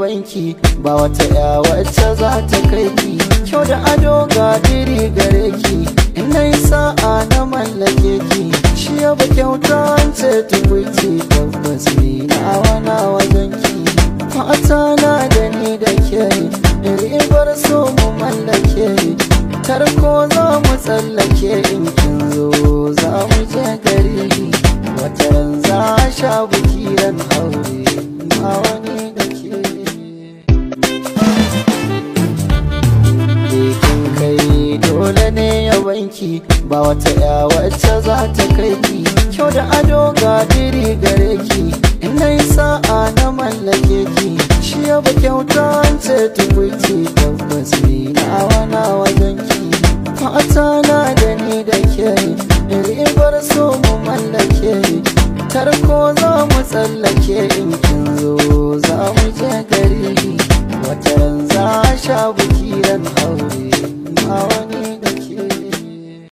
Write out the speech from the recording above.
banki ba wata ya wacce za ta kai ki kyau da ado ga diri gare ki ina yi sa'a na mallake ki shi ya ba kyauta an ce tukwiti tabbas ni na wajen ki mata na da ni da ke da ribar so mu mallake tarko za mu tsallake in kin zo za mu je gari ran za sha bukiran aure ma wani banki ba wata ya wacce za ta kai ki kyau da ado ga diri gare ki in na yi sa'a na mallake ki shi ya ba kyauta an ce tukuiti tabbas ni na wana wajen ki fata na da ni da ke ribar so mu mallake tarko za mu tsallake in kin zo za mu je gari wata ran za sha bukiran aure